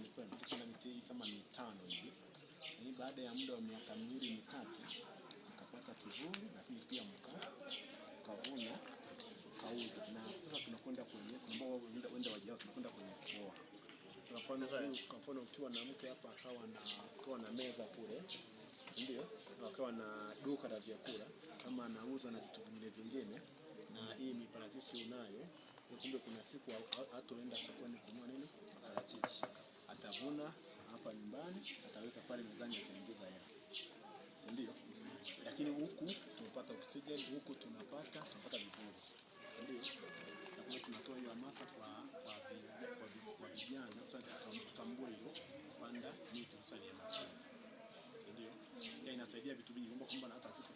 nilifanikiwa nikapanda miti kama mitano hivi, lakini baada ya muda wa miaka miwili mitatu akapata kivuli, lakini pia mkaa kavuna kauza, na sasa tunakwenda kwenye ambao wenda wenda wajao, tunakwenda kwenye kuoa. Kwa mfano ukiwa na mke hapa akawa na akawa na meza kule, ndio akawa na duka la vyakula, kama anauza na vitu vingine vingine, na hii miparachichi unayo, kumbe kuna siku hatoenda sokoni kununua atavuna hapa nyumbani, ataweka pale mezani, ataingiza hela, si ndio? Lakini huku tunapata oxygen, huku tunapata tunapata vizuri, si ndio? Na kwa tunatoa hiyo hamasa kwa kwa kwa vijana, tutambue hilo kupanda miti, sasa ni matunda, si ndio? Inasaidia vitu vingi, kwamba hata siku